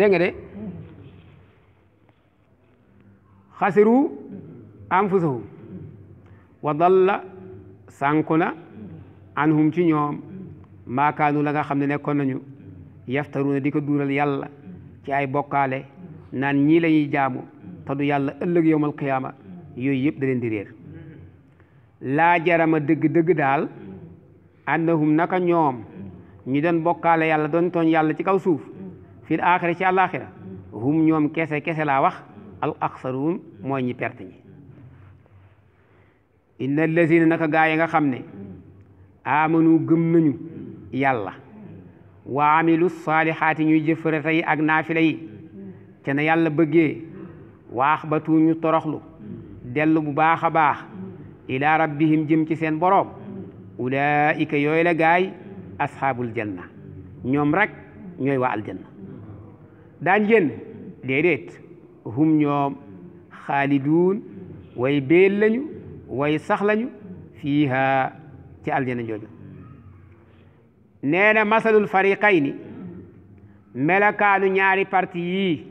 dégg de xasiru anfusahum wa la sànku na anhum ci ñoom maakaanu la nga xam ne nekkoon nañu yaftaruuna di ko duural yàlla ci ay bokkaale naan ñii la ñuy jaamu te yàlla ëllëg yowmal qiyaama yooyu yëpp daleen di réer laa jarama dëgg-dëgg daal annahum naka ñoom ñi doon bokkaale yàlla doon tooñ yàlla ci kaw suuf fil aaxira ci àllaaxira hum ñoom kese kese laa wax al aksaruun mooy ñi perte ñi inna allazina naka gaa yi nga xam ne amanu gëm nañu yàlla wa amilu saalihaati ñuy jëfërata yi ak naafila yi ca na yàlla bëggee waax ba tuuñu toroxlu dellu bu baax a baax ila rabbihim jëm ci seen boroom ulaika yooyu la gaay ashaabul janna ñoom rekk ñooy waa aljanna daañ génn déedéet hum ñoom xaaliduun way béel lañu way sax lañu fiiha ci aljana jooju nee na masalul fariqayni melakaanu ñaari parti yi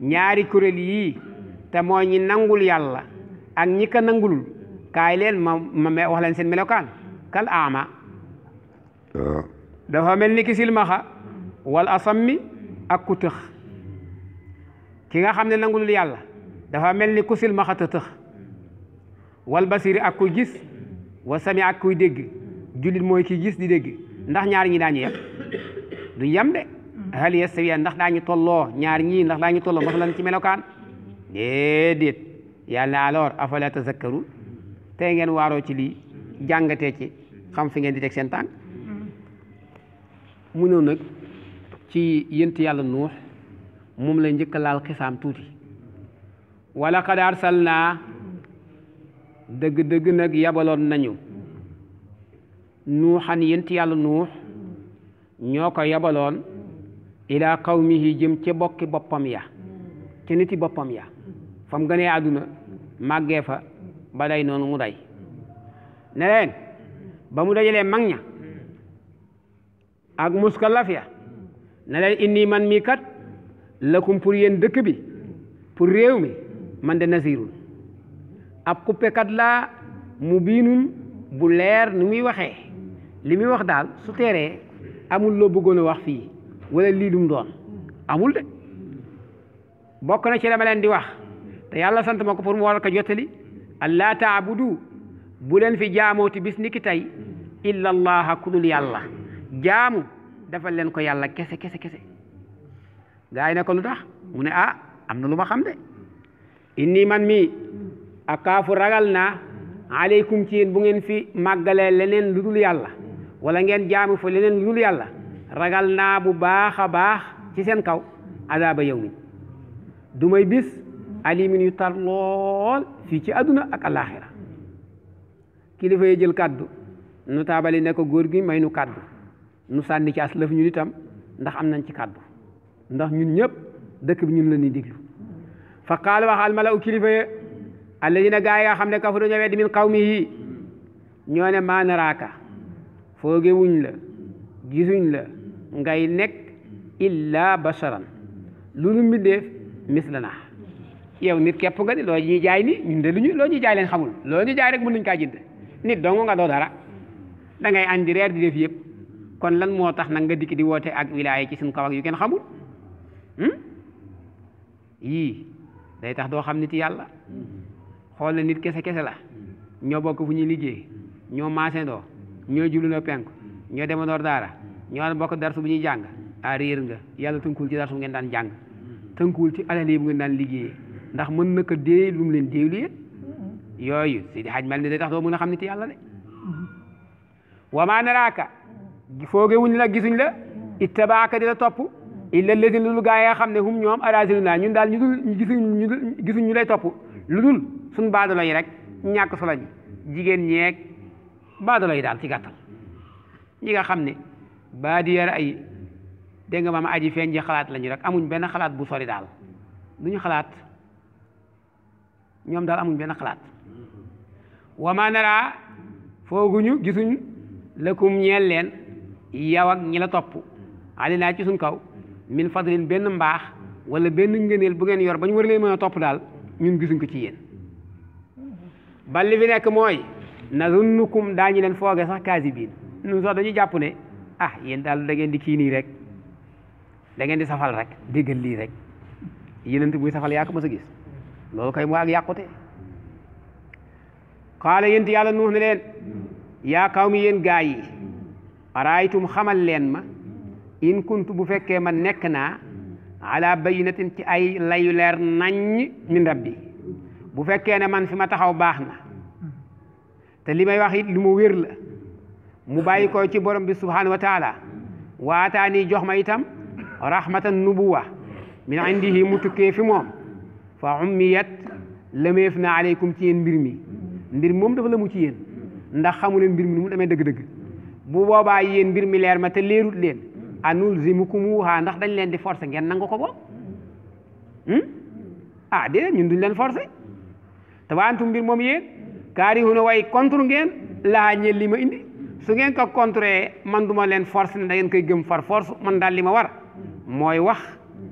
ñaari kuréel yi te mooy ñi nangul yàlla ak ñi ko nangulul kaay leen ma ma wax seen melokaan kal aama ah. dafa mel ni ki silmaxa wal asammi ak ku ki nga xam ne nangulul yàlla dafa mel ni ku silmaxa tëx wal basiri ak kuy gis wa sami ak koy dégg jullit mooy ki gis di dégg ndax ñaar ñi daañu yem duñ yem de hal yastawiya ndax daañu tolloo ñaar ñii ndax daañu tolloo masalan ci melokaan déedéet yàlla alors afala tazakkaruun tey ngeen waaroo ci lii jàngatee ci xam fi ngeen di teg seen tànk mm. mu ñëw nag ci yent yàlla nuux moom la njëkk laal xisaam tuuti wala qad arsalnaa dëgg-dëgg nag yabaloon nañu nuuxan yent yàlla nuux ñoo ko yabaloon ilaa qawmihi jëm ca bokki boppam ya nit niti boppam ya fam gënee àdduna màggee fa ba day noonu mu day ne ba mu dajalee mag ña ak muskalaf ya ne leen man mii kat lakum pour yéen dëkk bi pour réew mi man de nasirun ab kuppekat laa mu biinun bu leer ni muy waxee li muy wax daal su teeree amul loo bëggoon a wax fii wala lii lu doon amul de bokk na ci dama leen di wax te yàlla sant ma ko pour mu waral ko jottali allaa taabudu bu leen fi jaamooti bis ni tey illa allaha ku dul yàlla jaamu dafa leen ko yàlla kese kese kese gaa yi ne ko lu tax mu ne ah am na lu ma xam de inni man mi akaafu ragal naa aleykum ci yéen bu ngeen fi màggalee leneen lu dul yàlla wala ngeen jaamu fa leneen lu dul yàlla ragal naa bu baax a baax ci seen kaw adaaba yow mi du may bis alimin yu tar lool fii ci àdduna ak alaaxira kilifa yi jël kàddu nu taabali ne ko góor gi may nu kàddu nu sànni ci aslëf ñu ndax am nañ ci kàddu ndax ñun ñëpp dëkk bi ñun la ñuy diglu fa qaala waxal malaw kilifa ye yi gaa yi nga xam ne kafaru ñoo weddi min qawmihi ñoo ne maa naraaka foogewuñ la gisuñ la ngay nekk illa basharan lu nu mbindeef mislana yow nit képp nga ni loo ñuy jaay ni ñun de lu ñu loo ñuy leen xamul loo ñu jaay rek mën nañ kaa jënd nit dong nga doo dara da ngay andi reer di def yëpp kon lan moo tax nanga nga dikk di woote ak wilaaya ci suñ kaw ak yu kenn xamul Hmm? yii day tax doo xam nit yàlla xool na nit kese kese la ñoo bokk fu ñuy liggéey ñoo maasendoo ñoo julloo penku ñoo demandoor daara ñoo daan bokk darsu bu ñuy jàng a réer nga yàlla tënkuwul ci darsu bu ngeen daan jàng tënkuwul ci alal yi bu ngeen daan liggéeyee ndax mën na ko déey lu mu leen déewliyee yooyu si di xaj mel ni day tax doo mën a xam nit yàlla de wa maa naraaka foogewuñ la gisuñ la ittabaaka di la topp illa lazina lu dul gaa yi nga xam ne hum ñoom arasinu naa ñun daal ñu dul gisuñu gisuñ ñu lay topp lu dul suñ baadolo yi rek ñàkk solo jigéen ñeek baadolo yi daal ci gàttal ñi nga xam ne baadiyar ay dégg nga maam aji feeñ ji xalaat lañu rek amuñ benn xalaat bu sori daal du ñu xalaat ñoom daal amuñ benn xalaat wa ma nara fooguñu gisuñ lëkkum ñeel leen yow ak ñi la topp ali naa ci suñ kaw min fadlin benn mbaax wala benn ngëneel bu ngeen yor ba ñu war leen mën a topp daal ñun gisuñ ko ci yéen ba li fi nekk mooy nazunnukum daañu leen fooge sax kaasi ñun sax dañu jàpp ne ah yéen daal dageen di kii nii rek da di safal rek déggal lii rek yenent buy safal yaa ko mës gis loolu kay moo ak yàqute qaala yént yàlla nuux ne leen yaa qawmi yéen gaa yi araaytum xamal leen ma in kuntu bu fekkee man nekk naa ala bayinatin ci ay layu leer naññ min rabbi bu fekkee ne man fi ma taxaw baax na te li may wax it lu mu wér la mu bàyyi koo ci borom bi subhanahu wa waataani jox ma itam rahmatan nubuwa min indihi mu tukkee fi moom fa ummiyat lëmeef na aleykum ci yéen mbir mi mbir moom dafa la mu ci yéen ndax xamu leen mbir mi nu mu demee dëgg-dëgg bu boobaa yéen mbir mi leer ma te leerut leen anulzimukumuha ndax dañ leen di forcer ngeen nangu ko boog hmm? ah déedéet ñun duñ leen forcer te wa antum mbir moom yéen kaarihuna way contre ngeen laa ñeel li ma indi su ngeen ko contrer man duma leen forcer ne da ngeen koy gëm far force man daal li ma war mooy wax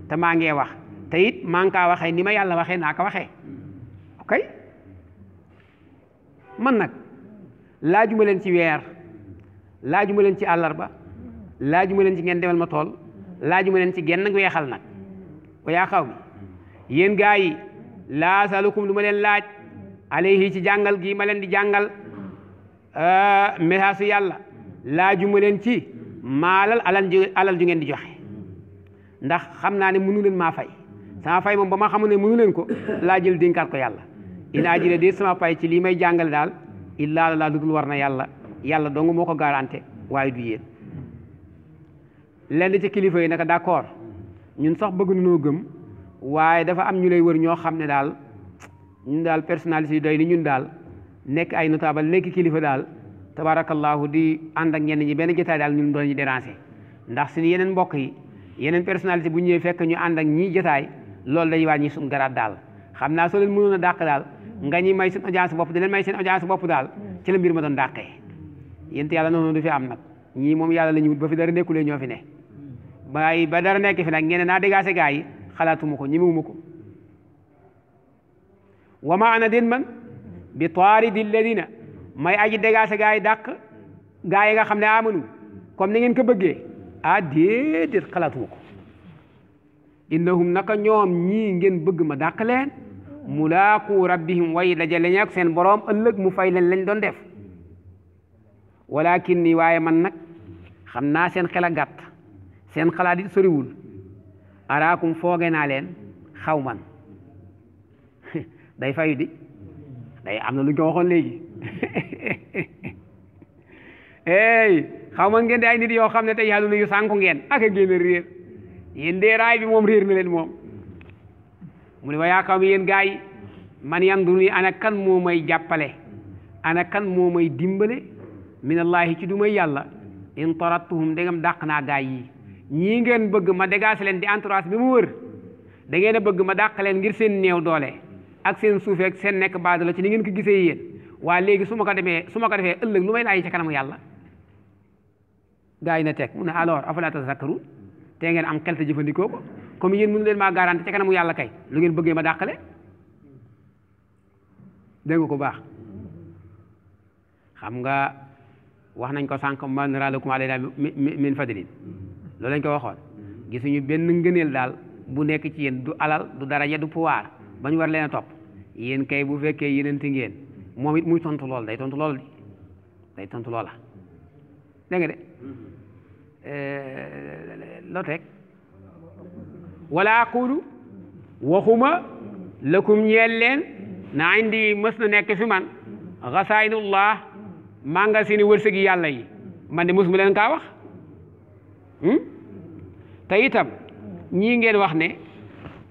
te maa ngee wax te it maa ngi kaa waxee ni ma yàlla waxee naa ko waxee ok man nag laajuma leen ci weer laajuma leen ci àllarba laajuma leen ci ngeen demal ma tool laajuma leen ci genn weexal nag wa yaa mi yéen gaa yi laa salukum lu ma leen laaj alayhi ci jàngal gi ma leen di jàngal euh, message yàlla laajuma leen ci maalal alal ju alal ju ngeen di joxe ndax xam naa ne mënu leen maa fay sama fay moom ba ma xamu ne mënu leen ko laa jël ko yàlla in ajira de sama pay ci lii may jàngale daal illaa la laa dudul war na yàlla yàlla dong moo ko garanté waaye du yéen lenn ci kilifa yi naka d'accord ñun sax bëgg nañoo gëm waaye dafa am ñu lay wër ñoo xam ne daal ñun daal personalise yi doy ni ñun daal nekk ay notable nekk kilifa daal tabaarakallaahu di ànd ak ñenn ñi benn jotaay daal ñun doon ñu déranger ndax suñu yeneen mbokk yi yeneen personnalité bu ñëwee fekk ñu ànd ak ñii jotaay loolu day wàññi suñu garaat daal xam naa soo leen mënoon a dàq daal nga ñuy may seen audience bopp di leen may seen audience bopp daal ci la mbir ma doon dàqee yént yàlla noonu du am nag ñii moom yàlla la ba fi dara nekkulee ñoo fi ne bàyyi ba dara nekk fi nag ngeen naa dégaase gaa yi xalaatuma ko ñemewuma ko wa ma ana den man bi taaridi alladina may aji dégaase gaa yi dàq gaa yi nga xam ne amanu comme ni ngeen ko bëggee ah déedéet xalaatuma ko innahum naka ñoom ñii ngeen bëgg ma dàq leen mulaaqu rabbihim way dajale ñeek seen boroom ëllëg mu fay leen lañ doon def walakin ni waaye man nag xam naa seen xel a gàtt seen xalaat it soriwul araakum fooge naa leen xaw man day fayu di day am na lu ñu ko waxoon léegi xaw man ngeen di ay nit yoo xam ne tey yàlla na yu ngeen ak a génn réer yéen dee raay bi moom réer na moom mu ne wa yaa xaw yen yéen gars yi man yanduni ana kan moo may jàppale ana kan moo may dimbale minallahi ci du may yàlla in tarattuhum ndegam dàq naa gaay yi ñii ngeen bëgg ma dégaase leen di entourage bi mu wër da ngeen a bëgg ma dàq leen ngir seen néew doole ak seen suufe seen nekk baa la ci ni ngeen ko gisee yéen waa léegi su ma ko demee su ma ko defee ëllëg lu may laaj ca kanamu yàlla gaa yi ne teg mu ne alors afala tazakkaru te ngeen am xel te jëfandikoo ko comme yéen mënu leen maa garanti ca kanamu yàlla kay lu ngeen bëggee ma dàqale dégg nga ko baax xam nga wax nañ ko sànq man raalakum alayna min fadlin loolu lañ ko waxoon mm-hmm. gisuñu benn ngëneel daal bu nekk ci yéen du alal du daraja du pouvoir mm-hmm. bañ ñu war leen a topp yéen kay bu fekkee yenente ngeen mm-hmm. moom it muy tontu lool day tontu lool di day tontu loola dégg nga de eh, loo teg wala aqulu waxuma lakum ñeel leen na indi mës na nekk fi man xasaynullah maa nga seeni wërsëgi yàlla yi man de mësuma leen kaa wax Hmm? te itam ñii ngeen wax ne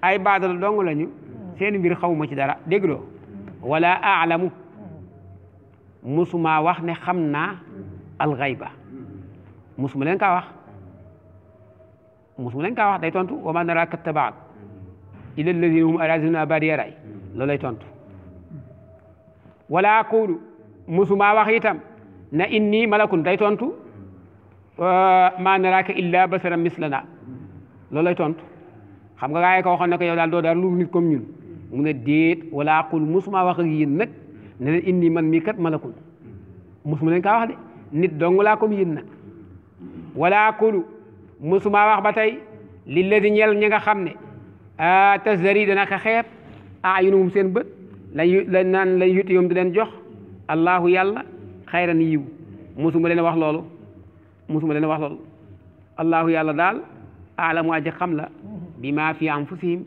ay baadala dong lañu seen mbir xawma ci dara dégloo wala aalamu musuma wax ne xam naa alxayba musuma leen kaa wax musu leen kaa wax day tontu wa ma naraka tabaak ila alladina hum araziluna badiya ray loolu lay tontu wala aqulu musuma wax itam na inni malakun day tontu maa naraaka illa basara mislana loolay tontu xam nga gaa yi ko waxoon na ko yow daal doo daal lu nit comme ñun mu ne déet wala aqul musuma wax ak yéen nag indi man mii kat malakul musuma leen kaa wax nit dong laa comme yéen nag wala ba tey li ladi ñel ñi nga xam ne tasdari dana ko xeeb mu seen bët lañ lañ naan lañ yuti yom di leen jox allahu yàlla xayran yiw musuma leen wax loolu mosuma leen wax lool allahu yàlla daal aalamu aji xam la bi maa fi anfusihim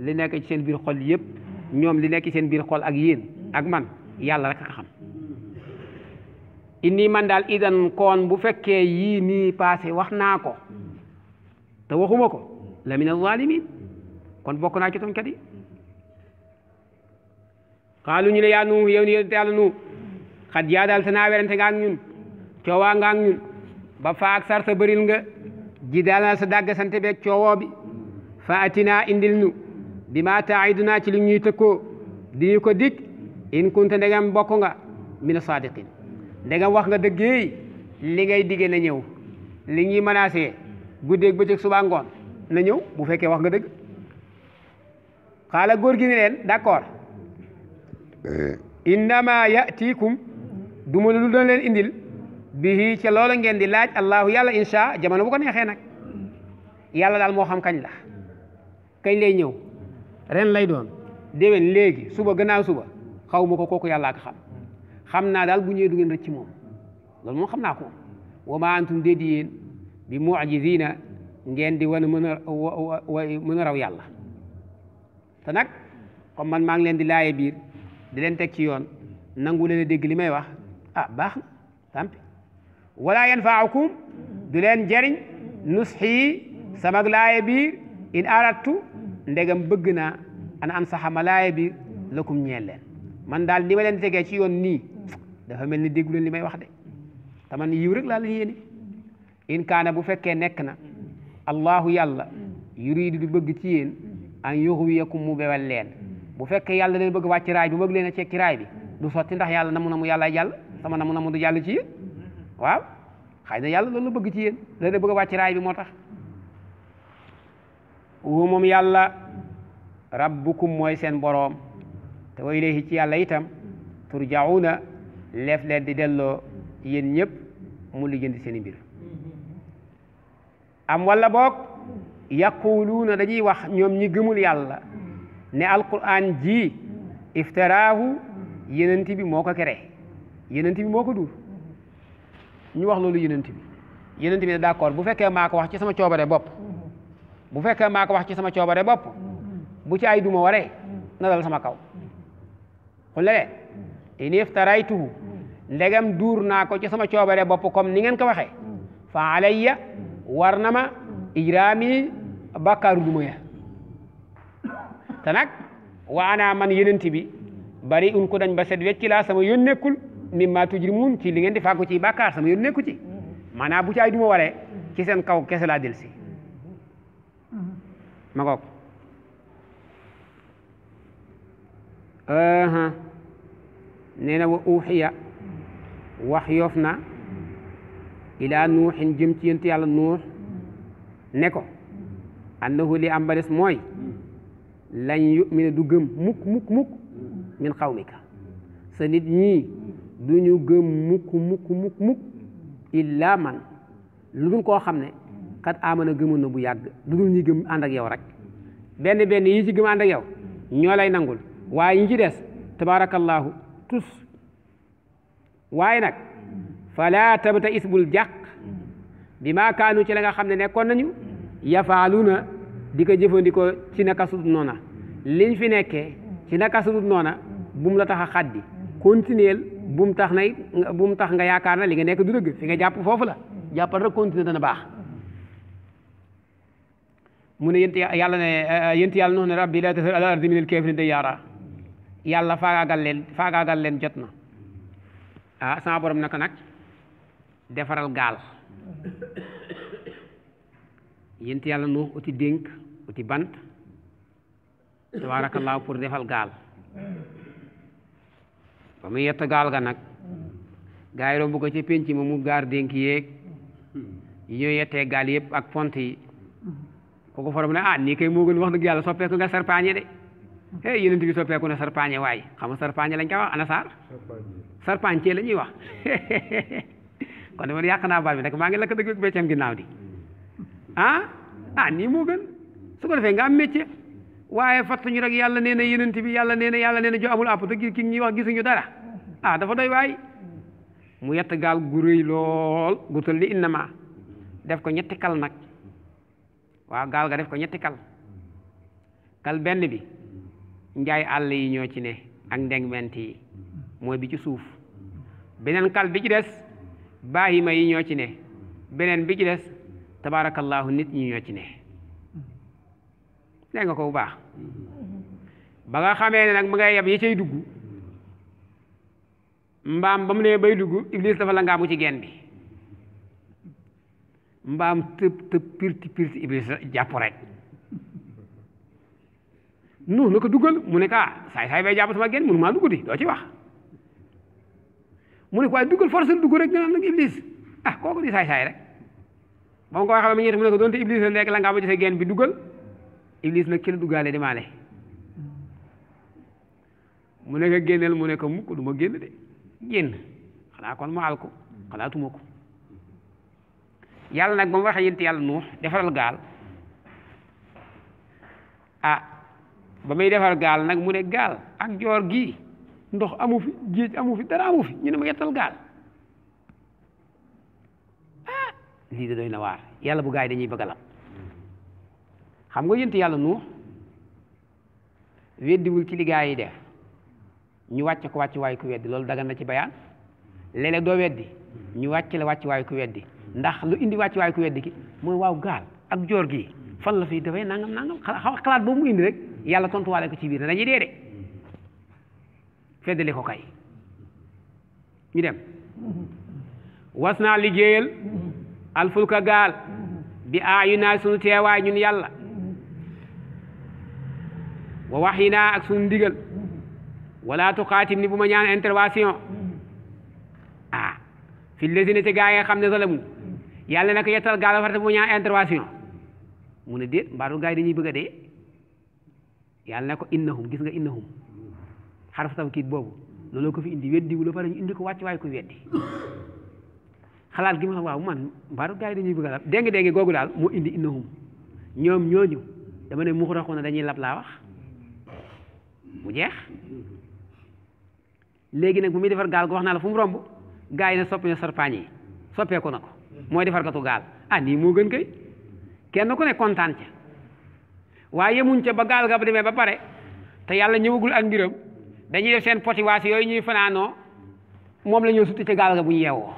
li nekk ci seen biir xol yëpp ñoom li nekk seen biir xol ak yéen ak man yàlla rek a xam inni man daal idan koon bu fekkee yii nii passé wax naa ko te waxuma ko la min azalimin kon bokk naa ci tooñkat yi xaalu ñu ne yàlla nu xat yaa daal te naa werante nga ak ñun coowaa nga ak ñun ba fa ak sarta bëril nga ji daal sa dàgg sante beeg coowoo bi fa atinaa indil nu bi maa taidunaa ci li ñuy tëkkoo di ñu ko dig in kunta ndegam bokk nga min sadiqin ndegam wax nga dëggeey li ngay digge na ñëw li ñuy menacé guddeeg bëccëg subaa ngoon na ñëw bu fekkee wax nga dëgg xaala góor gi ne leen d'accord eh. innama yatikum duma lu dana leen indil bihi ci loola ngeen di laaj allahu yàlla insha jamono bu ko neexee nag yàlla daal moo xam kañ la kañ lay ñëw ren lay doon déwén léegi suba gannaaw suba xaw ma ko kooku yàllaa ko xam xam naa daal bu ñëwee du ngeen rëcc moom loolu moom xam naa ko wa ma antum déet yéen bi mu'jizina ngeen di wan mën a mën a raw yàlla te nag comme man maa ngi leen di laaye biir di leen teg ci yoon nangu leen dégg li may wax ah baax na wala yanfaakum du leen jariñ nusxi samag laaye biir in arattu ndegam bëgg naa an an saxama lakum ñeel leen man daal li ma leen tegee ci yoon nii dafa mel ni déggu leen li may wax de te man yiw rek laa leen yéene in kaana bu fekkee nekk na allahu yàlla yuriidu du bëgg ci yéen an yuxwiyakum mu bewel leen bu fekkee yàlla leen bëgg wàcc raay bi bëgg leen a cekki raay bi du sotti ndax yàlla namu na mu yàlla jàll sama namu na mu du jàll ci waaw xëy na yàlla loolu la bëgg ci yéen la da bëgg raay bi moo tax wu moom yàlla rabbukum mooy seen boroom te wa ilayhi ci yàlla itam turjauna leef leen di delloo yéen ñëpp mu lijjanti seen i mbir am wala boog yaquluuna dañuy wax ñoom ñi gëmul yàlla ne alquran ji iftaraahu yenent bi moo ko kere yenent bi moo ko duur ñu wax loolu yonent bi yonent bi ne d'accord bu fekkee maa ko wax ci sama coobare bopp bu fekkee maa wax ci sama coobare bopp bu ay duma waree na dal sama kaw xul lee in iftaraytuhu ndegam duur naa ko ci sama coobare bopp comme ni ngeen ko waxee fa alayya war na ma ijraami bàkkaaru duma ya te nag wa ana man yonent bi bari un ko dañ ba set wecci laa sama yón nekkul mimma tujrimun ci li ngeen di fàggu ci bàkkaar sama yoon nekku ci mm-hmm. maanaam bu ci ay duma waree ci seen kaw kese laa delsi mm-hmm. ma ngoog nee na wa uxiya wax yoof ilaa nuuxin jëm ci yent yàlla nuux mm-hmm. ne ko annahu li am mooy lañ yu mi ne du gëm mukk mukk mukk min xawmika sa nit ñii du ñu gëm mukk mukk mukk mukk illa man lu dul koo xam ne kat amana gëmoon na bu yàgg lu dul ñi gëm ànd ak yow rek benn benn yi ci gëm yow ñoo lay nangul waaye ñu ci des tabaarakallaahu tus waaye nag fala tabta is bul jàq bi maa kaanu ci la nga xam ne nekkoon nañu na di ko jëfandikoo ci naka sudut noona liñ fi nekkee ci naka sudut noona bu mu la tax a xaddi continuel bu tax na it tax nga yaakaar na li nga nekk du dëgg fi nga jàpp foofu la jàppal rek continuer dana baax mu ne yent yàlla ne eh, eh, yent yàlla noonu ne rabbi la tasar ala ardi minal kaafiriina yara yàlla faagaagal leen faagaagal leen jot na ah sama borom naka nag defaral gaal yent yàlla noo uti dénk uti bant tabaarakallaahu pour defal gaal ba mu yett gaal ga nag gaa yi romb ko ci pénc ma mu gaar dénk yéeg yi ñoo gaal yëpp ak pont yi kooku forom ne ah kay moo gën wax dëgg soppeeku nga sarpaañe de hey yeneen bi soppeeku na sarpaañe waay xam nga sarpaañe lañ koy wax ana saar sarpaañe la ñuy wax kon dama yàq naa baat bi nag maa ngi lakk dëgg beccam ginnaaw di ah ah nii moo gën su ko nga am waaye fàttali ñu rek yàlla nee na yenent bi yàlla nee na yàlla nee na jo amul àpp te ki ñuy wax gisuñu dara a ah, dafa doy waay mu yett gaal gu rëy lool gu toll ni innama def ko ñetti kal nag waaw gaal ga def ko ñetti kal kal benn bi njaay àll yi ñoo ci ne ak ndegment yi mooy bi ci suuf beneen kal bi ci des baahima yi ñoo ci ne beneen bi ci des tabaarakallaahu nit ñi ñoo ci ne dégg nga ko bu baax mm-hmm. ba nga xamee ne nag mu ngay yab yi cay dugg mbaam ba mu nee bay dugg iblis dafa la ngaamu ci geen bi mbaam tëb tëb pirti pirti iblis jàpp rek nu na ko duggal mu ne kaa ah, saay saay bay jàpp sama geen mënu maa dugguti doo ci wax mu ne ko waaye duggal force dugg rek nga am nag iblis ah kooku di saay saay rek ba mu ko waxee mu ñetti mu ne ko doonte iblis la nekk la ngaamu ci sa geen bi duggal Iblis nag kenn la duggaale di maale mu ne ko génneel mu ne ko mukk du génn de génn xanaa kon ma al ko xalaatuma ko yàlla nag ba mu waxee yàlla nuux defaral gaal ah ba muy defar gaal nag mu ne gaal ak joor gi ndox amu fi géej amu fi dara amu fi ñu ne ma yettal gaal ah lii da doy na waar yàlla bu gaay dañuy bëgg a xam nga yonent yàlla nuux weddiwul ci liggéey yi def ñu wàcce ko wàcc waay ku weddi loolu dagan na ci bayaan léeg-léeg doo weddi ñu wàcc la wàcc waay ku weddi ndax lu indi wàcc waay ku weddi ki mooy waaw gaal ak joor gi fan la fiy defee nangam nangam xalaat boobu mu indi rek yàlla tontuwaale ko ci biir ne dañuy dee de feddali ko kay ñu dem was naa liggéeyal alfulka gaal bi aayu naa sunu teewaay ñun yàlla wax waxyi naa ak suñu ndigal wala tuqaatim ni bu ma ñaan intervention ah fi lesi ne ci gaa yi xam ne zalamu yàlla na ko yettal gaal farta bu ma ñaan intervention mu ne déet mbaadu gaa yi dañuy bëgg a dee yàlla na ko innahum gis nga innahum xarfu tawkiid boobu loolu ko fi indi weddi wu la pare ñu indi ko wàcc waay ko weddi xalaat gi ma waaw man mbaadu gaa yi dañuy bëgg a lab dégg dégg googu daal moo indi innahum ñoom ñooñu dama ne muxuraxu na dañuy lab laa wax mu jeex léegi nag bu muy defar gaal gu wax naa la fu mu romb gaa yi ne soppi na sarpaañ yi soppeeku na ko mooy defar gaal ah nii moo gën kay kenn ku ne kontaan ca waaye yemuñ ca ba gaal ga ba demee ba pare te yàlla ñëwagul ak mbiram dañuy def seen potiwaas yooyu ñuy fanaanoo moom la ñoo sutti ca gaal ga bu ñu yeewoo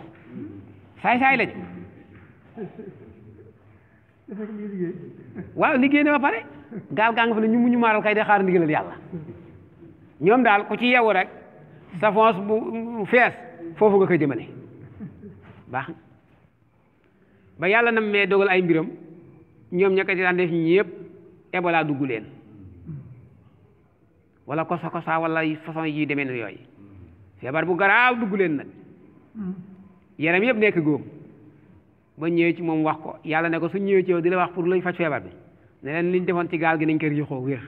saay saay lañ waaw liggéey na ba pare gaal gaa nga fa ne ñu mu ñu maaral kay de xaar ndigalal yàlla ñoom daal ku ci yeewu rek sa foos bu fees foofu nga koy jëmale baax ba yàlla na mee dogal ay mbiram ñoom ña ko ci daan def ñëpp ebola dugg leen wala kosa kosa wala façon yi demee na yooy feebar bu garaaw dugg leen nag yaram yëpp nekk góom ba ñëwee ci moom wax ko yàlla ne ko suñ ñëwee ci yow di la wax pour luy faj feebar bi ne leen liñ defoon ci gaal gi nañ ko riixoo wér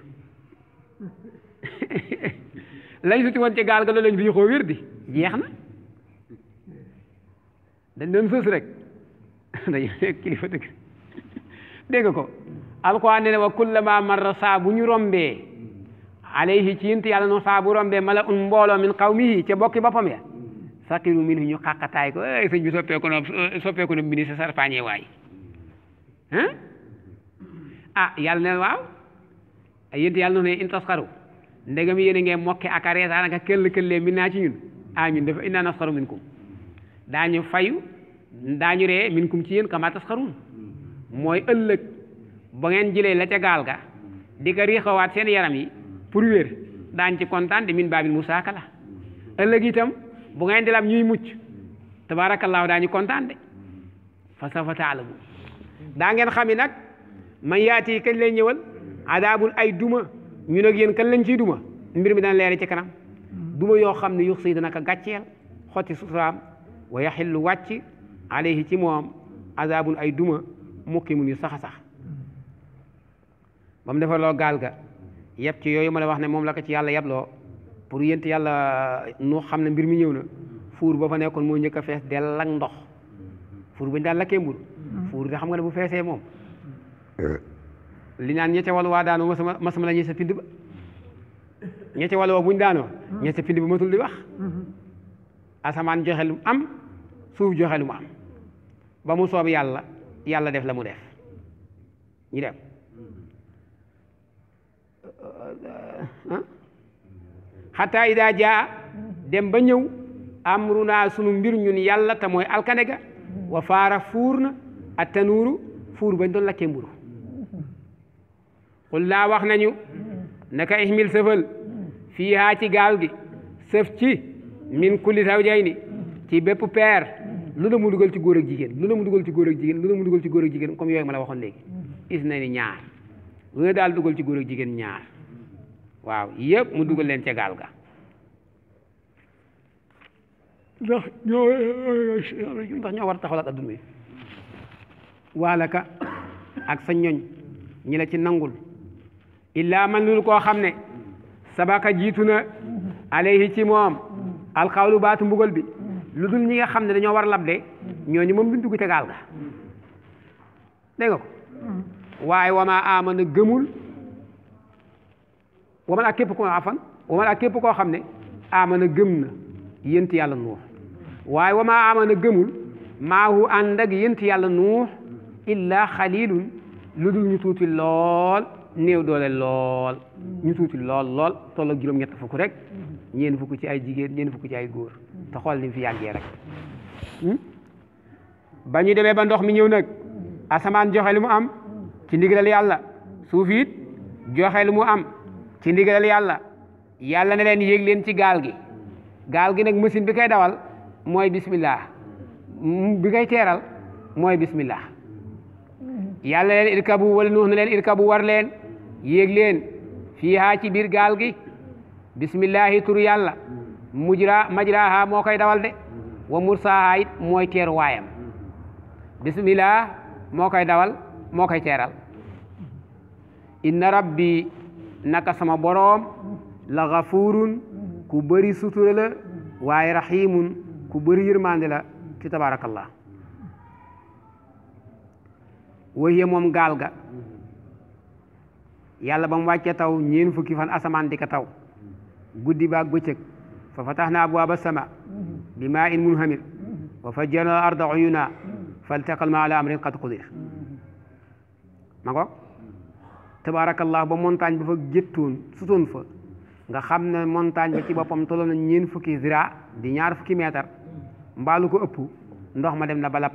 lañ suti woon ci gaal ga loolu lañ fi xoo wér di jeex na dañ doon sës rek dañu nekk kilifa dëgg dégg ko alquran ne ne wa kullama marra ñu rombee alayhi ci yent yàlla no saa bu rombee mala un mbooloo min qawmihi ca bokki boppam ya saqiru minhu ñu xàqataay ko ay sëñ bi soppeeku na soppeeku na ministre sarpañe waay ah yàlla ne waaw yent yàlla no ne in tasxaru ndegam yéen a ngee mokke ak a reetaan ak a këll këllee min naa ci ñun ah ñun dafa inna nasxaru minkum daañu fayu daañu ree minkum ci yéen kama tasxarun mooy ëllëg ba ngeen jëlee la ca gaal ga di ko riixawaat seen yaram yi pour wér daañ ci kontaan de min baabil musaaka la ëllëg itam bu ngeen di lam ñuy mucc tabaarakallaahu daañu kontaan de fa sawfa daa ngeen xam ni nag man yaati kañ lay ñëwal adaabun ay duma ñu nag yéen kan lañ ciy duma mbir mi daan leeri ci kanam hmm. duma yoo xam ne yux siy dana ko gàcceel xotti suturaam wa yaxillu wàcc alayhi ci moom azabun ay duma mukimun yu sax a sax hmm. ba defaloo gaal ga yeb ci yooyu ma la wax ne moom la ko ci yàlla yebloo pour yént yàlla nu xam ne mbir mi ñëw na fuur ba fa nekkoon moo njëkk a fees dell ak ndox hmm. fuur ba ñu daan lakkee mbur fuur da xam nga ne bu feesee moom li naan ñecca wàllu waa daanoo masama masama la sa pind ba ñecca wàllu waa buñ daanoo ñee pind ba matul di wax asamaan joxe lu am suuf joxe am ba mu soob yàlla yàlla def la mu def ñu dem xataa jaa dem ba ñëw am amruna sunu mbir ñun yàlla tamooy mooy alkane ga wa faara fuur na a tanuuru fuur bañ doon lakkee mburu xul laa wax nañu naka ihmil sëfal fiihaa ci gaal gi sëf ci min kulli zawjayni ci bépp peer lu la mu dugal ci góor ak jigéen lu la mu dugal ci góor ak jigéen lu la mu dugal ci góor ak jigéen comme yooyu ma la waxoon léegi is na ñaar lu ne daal dugal ci góor ak jigéen ñaar waaw yépp mu dugal leen ca gaal ga ndax ñoo war a taxawalaat adduna yi waalaka ak sa ñoñ ñi la ci nangul illaa man lul koo xam ne sabaka jiitu na alayhi ci moom alxawlu baatu mbugal bi lu dul ñi nga xam ne dañoo war lab de ñooñu moom duñ dugg ca gaal ga dégg nga ko waaye wama amana gëmul waman ak képp ko afan képp koo xam ne amana gëm na yént yàlla nuux waaye wama amana gëmul maahu ànd ak yént yàlla nuux illa xalilun lu dul ñu tuuti lool néew doole lool mm. ñu tuuti lool lool toll ak juróom-ñett fukk rek mm. ñeen fukk ci ay jigéen ñeen fukk ci ay góor mm. te xool ni fi yàggee rek hmm? ba ñu demee ba ndox mi ñëw nag asamaan joxe lu mu am ci ndigalal yàlla suuf it joxe mu am ci ndigalal yàlla yàlla ne leen yéeg leen ci gaal gi gaal gi nag machine bi kay dawal mooy bismillah bi kay teeral mooy bismillah yàlla leen irkabu wala war leen yéeg leen fiihaa ci biir gaal gi bismillahi tur yàlla mujra majraha moo koy dawal de wa mursaha it mooy teer waayam bismillah moo koy dawal moo koy teeral inna rabbi naka sama boroom la gafurun ku bëri sutura la waaye rahimun ku bëri yërmande la ci tabarakallah wahiya moom gaal ga yàlla ba mu wàccee taw ñeen fukki fan asamaan di ko taw guddi baag bëccëg fa fatahnaa abwaaba sama bi maa in munhamir wa fajjarnaa arda uyuna faltaqal maa ala amrin qad qudir ma ko tabaarakallah ba montagne ba fa géttoon sutoon fa nga xam ne montagne ba ci boppam tolloon na ñeen fukki zira di ñaar fukki meetar mbaalu ko ëpp ndox ma dem na ba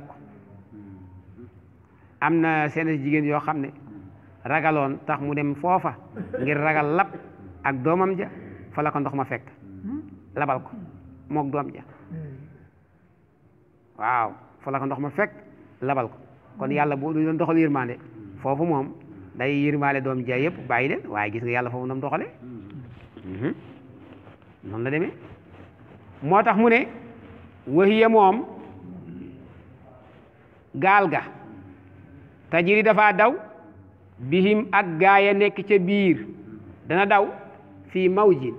am na seen jigéen yoo xam ne ragaloon tax mu dem foofa ngir ragal lab ak doomam ja fa ko ndox ma fekk hmm? labal ko mook doom ja hmm. waaw fa ko ndox ma fekk labal ko kon yàlla bu doon doxal yërmaande foofu moom day yërmaale doom ja yëpp bàyyi leen waaye gis nga yàlla foofu nam doxale hmm. noonu la demee moo tax mu ne wahiya moom gaal ga tajiri dafa daw bihim ak gaaya nekk ca biir dana daw fii mawjin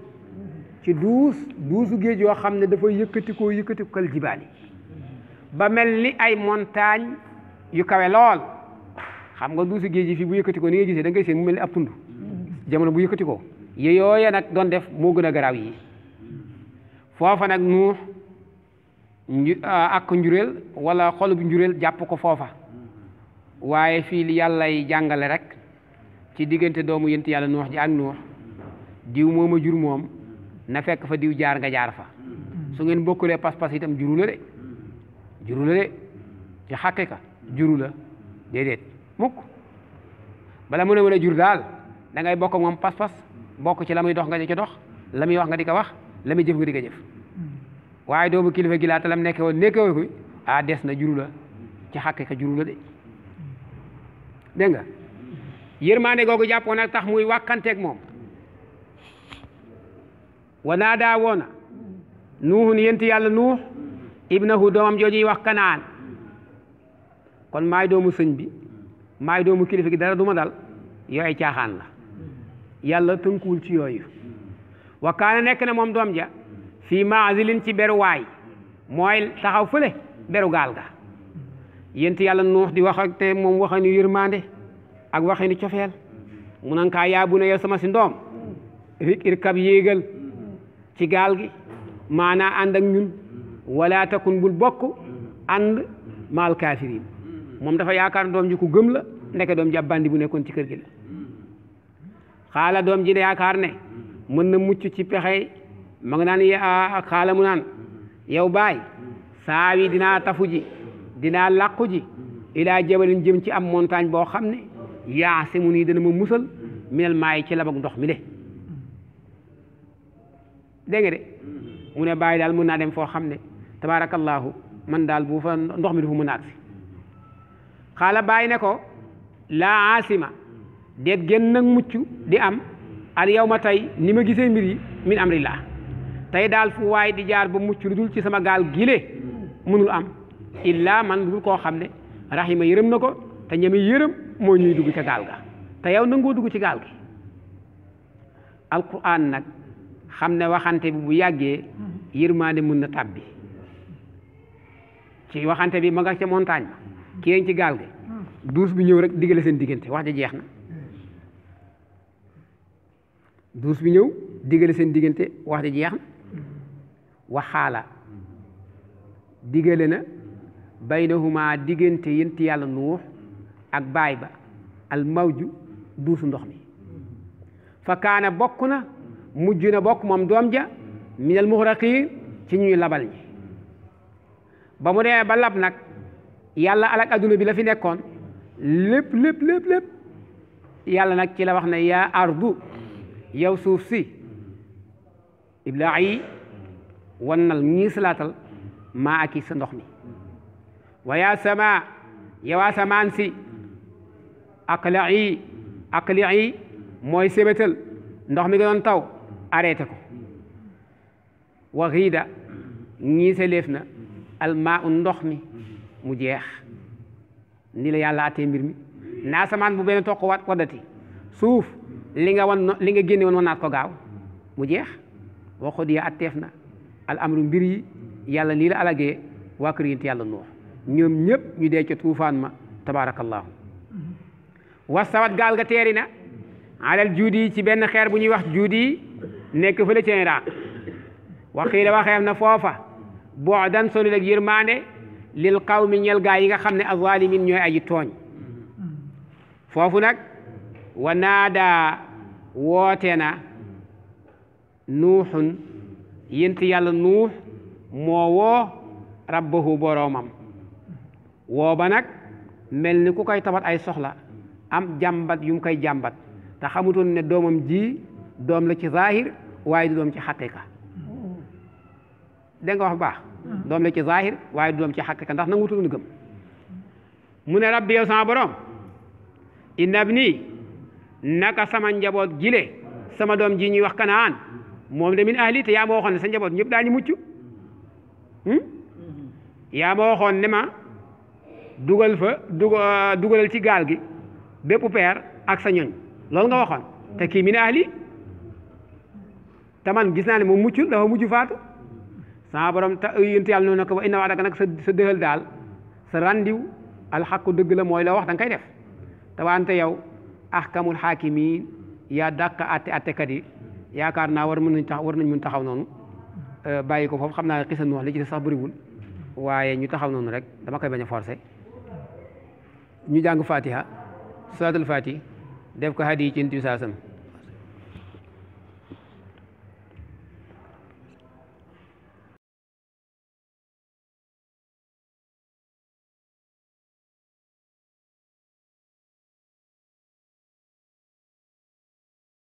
ci duus duusu géej yoo xam ne dafa yëkkatikoo yëkkati kal yi ba mel ni ay montagne yu kawe lool xam nga duusu géej yi fii bu yëkkatikoo ni nga gisee da seen mu mel ni ab tund jamono bu yëkkatikoo yooya nag doon def moo gën a garaaw yi foofa nag nuux ah, ak njuréel wala xolub njuréel jàpp ko foofa waaye fii li yàllay jàngale rek ci diggante doomu yent yàlla nuux ji ak nuux diw moom a jur moom na fekk fa diw jaar nga jaar fa su ngeen bokkulee pas-pas itam juru la de juru la de ci xaqiqa juru la déedéet mukk bala mën a mën a jur daal da ngay bokk moom pas-pas bokk ci la muy dox nga di ci dox la muy wax nga di ko wax la muy jëf nga di ko jëf waaye doomu kilifa gi laata lam nekke woon nekke woon ah des na juru la ci xaqiqa ka la de dégg nga yërmaande googu jàppoon ak tax muy wàkkanteeg moom wa naadaa woona nuuhun yenti yàlla nuux ibnahu doom jooju yi wax kanaan kon maay doomu sëñ bi maay doomu kilifa gi dara du ma dal yooyu ay caaxaan la yàlla tënkuwul ci yooyu wa kaana nekk na moom doom ja fii maazilin ci beruwaay waay mooy taxaw fële beru gaal ga yént yàlla nuux di wax ak te moom waxanu yërmande ak waxanu cofeel mu nan kaa yaabu ne yow sama si ndoom irkab yéegal ci gaal gi maanaa ànd ak ñun wala takun bul bokk ànd maal kaafiriin moom dafa yaakaar doom ji ku gëm la ndeke doom ji ab bandi bu nekkoon ci kër gi la xaala doom ji de yaakaar ne mën na mucc ci pexe ma nga naan xaala mu naan yow baay saawi dinaa tafu ji dinaa làqu ji ilaa jabalin jëm ci am montagne boo xam ne yaa si mu nii dana ma musal minel maa yi ci labag ndox mi le dégg de mu ne bàyyi daal mën naa dem foo xam ne tabaarakallaahu man daal bu fa ndox mi du fu mën a agsi xaala bàyyi ne ko laa asima déet génn nag mucc di am al yow ma tey ni ma gisee mbir yi min amrillah tey daal fu waay di jaar ba mucc lu dul ci sama gaal gile mënul am illaa man dul koo xam ne rahima yërëm na ko te ñeme yërëm moo ñuy dugg ca gaal ga te yow nangoo dugg ci gaal gi alquran nag xam ne waxante bi bu yàggee yërmaande mën na tàbbi ci waxante bi ma nga ca montagne ba ci gaal gi duus bi ñëw rek diggale seen diggante wax ja jeex na duus bi ñëw diggale seen diggante wax ja jeex na waxaala digale na baynahuma diggante yent yàlla nuux ak baay ba al mawju duusu ndox mi fa kaana bokk na mujj na bokk moom doom ja minal muxraqiin ci ñuy labal ñi ba mu demee ba lab nag yàlla alak adduna bi la fi nekkoon lépp lépp lépp yàlla nag ci la wax na yaa ardu yow suuf si iblaayi wan nal ñii salaatal maa aki sa ndox mi wa yaa sama yow asamaan si aqlii aqlii mooy sébatal ndox mi nga doon taw arrêté ko wa xiida ñii seleef na almaa u ndox mi mu jeex ni la yàlla attee mbir mi naa asamaan bu benn toq wat waddati suuf li nga wan li nga génne woon wanaat ko gaaw mu jeex waxu di atteef na al amru mbir yi yàlla lii la alagee waa kër yént yàlla nuux ñoom ñëpp ñu dee ca tuufaan ma tabaarakallaahu wastawat gaal ga teeri na alal juudi ci benn xeer bu ñuy wax juudi nekk fële ca Iraq waxiila waxeef na foofa boodan soli ak yërmaande lil qawmi ñel gaa yi nga xam ne azalimin ñooy aji tooñ foofu nag wa naada woote na nuuxun yent yàlla nuux moo woo rabbahu boroomam woo ba nag mel ni ku koy tabat ay soxla am jàmbat yum mu koy jàmbat te xamutoon ne doomam ji doom la ci zahir waaye du doom ci xaqiqa dégg nga wax baax doom la ci zahir waaye doom ci xaqiqa ndax nangu wutoon gëm mu ne rabbi yow sama borom inna ibni naka sama njaboot gile sama doom ji ñuy wax kanaan moom de min ahli te yaa ma waxoon ne sa njaboot ñëpp daañu mucc hmm? yaa ma waxoon ne ma dugal fa euh, dugalal ci gaal gi bépp peer ak sa ñoñ loolu nga waxoon te kii mi ne ahli te man gis naa ne moom muccul dafa mujj faat sama borom te euh, yénti yàlla noonu ko wa inna waadaka nag sa sa dëxal daal sa randiw alxaku dëgg la mooy loo wax da nga def te wante yow ahkamul xaakimiin yaa dàq atte attekat yi yaakaar naa war mën nañ tax war nañ mën taxaw noonu euh, bàyyi ko foofu xam naa xisa nu wax li ci sax bariwul waaye ñu taxaw noonu rek dama koy bañ a forcé ñu jàng fatiha salaatul fati def ko hadi yi ci